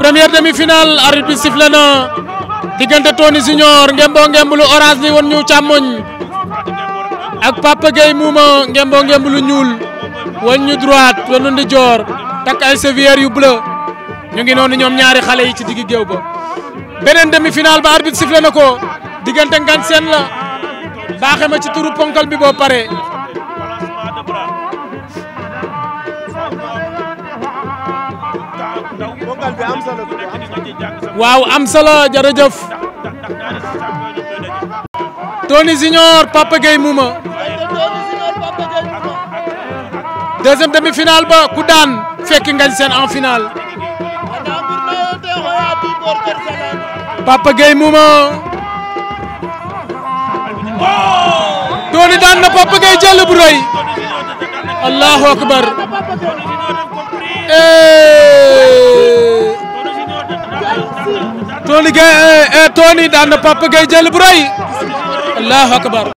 première demi-finale arbitre bi sifflé na diggante Tony Junior ngemboo ngemb lu orange li woon ñu càmmoñ ak Papa Gueye Mouma ngemboo ngemb lu ñuul woon ñu droite woon ñu ndijoor takk ay sévières yu bleu ñu ngi noonu ñoom ñaari xale yi ci diggi géew ba beneen demi-finale ba arbitre sifflé na ko diggante ngan seen la baaxe ma ci turu ponkal bi boo pare waaw am solo jërëjëf Tony Junior Papa Gueye Mouma demi-finale ba ku daan fekki ngañ seen en finale Papa Gueye Mouma daan na Papa jël bu allahu akbar Tony Gueye eh, eh, Tony daan na Papa Gueye jël bu rëy allahu akbar